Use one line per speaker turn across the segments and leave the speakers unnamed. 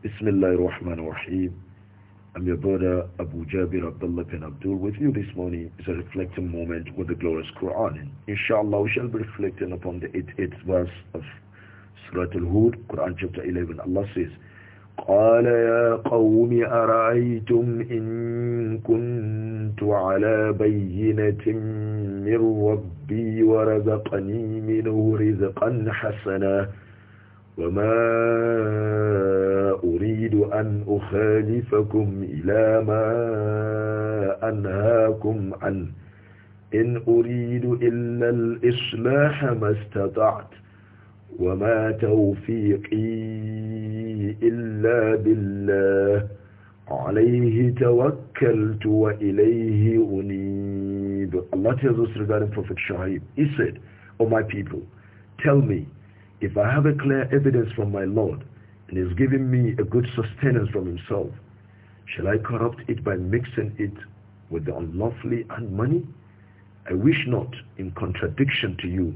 Bismillah ar-Rahman ar-Rahim. I'm your brother Abu Jabir Abdullah bin Abdul. With you this morning is a reflecting moment with the glorious Quran. Inshallah, we shall be reflecting upon the 88th verse of Surah Al-Hud, Quran chapter 11. Allah says, قال يا قوم أرأيتم إن كنت على بينة من ربي ورزقني منه رزقا حسنا وما أريد أن أخالفكم إلى ما أنهاكم عنه إن أريد إلا الإصلاح ما استطعت وما توفيقي إلا بالله عليه توكلت وإليه أنيب الله tells us regarding Prophet Shaib, He said, O oh my people, tell me, if I have a clear evidence from my Lord, and is giving me a good sustenance from himself, shall I corrupt it by mixing it with the unlawfully and money? I wish not, in contradiction to you,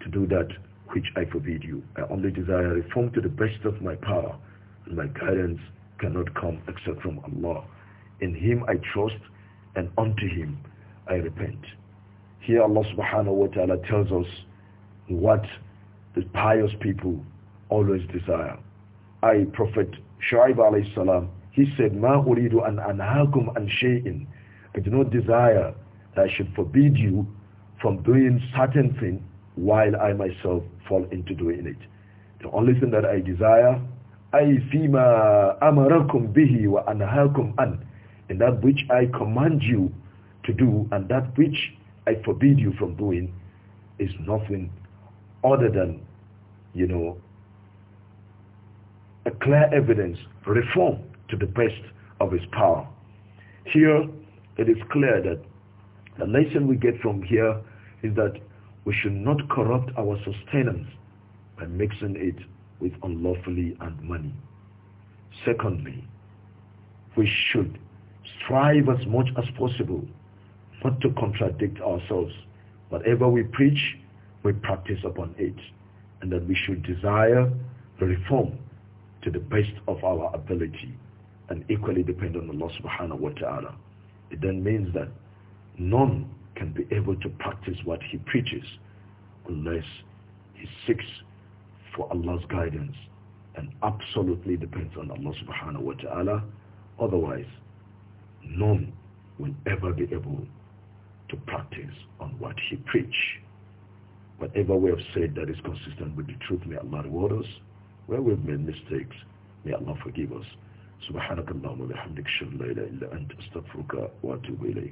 to do that which I forbid you. I only desire reform to the best of my power, and my guidance cannot come except from Allah. In Him I trust, and unto Him I repent. Here Allah subhanahu wa ta'ala tells us what the pious people always desire. I, Prophet Shu'aib alayhi salam, he said, "Ma أُرِيدُ an أَنْهَاكُمْ أَنْ I do not desire that I should forbid you from doing certain thing while I myself fall into doing it. The only thing that I desire, I أي فيما bihi wa وأنهاكم an, in that which I command you to do and that which I forbid you from doing is nothing other than, you know, a clear evidence, reform to the best of his power. Here, it is clear that the lesson we get from here is that we should not corrupt our sustenance by mixing it with unlawfully earned money. Secondly, we should strive as much as possible not to contradict ourselves. Whatever we preach, we practice upon it. And that we should desire reform to the best of our ability and equally depend on Allah subhanahu wa ta'ala. It then means that none can be able to practice what he preaches unless he seeks for Allah's guidance and absolutely depends on Allah subhanahu wa ta'ala. Otherwise, none will ever be able to practice on what he preach. Whatever we have said that is consistent with the truth, may Allah reward us where we've made mistakes, may Allah forgive us. SubhanAllah, wa bihamdika, shalla illa anta astaghfiruka wa atubu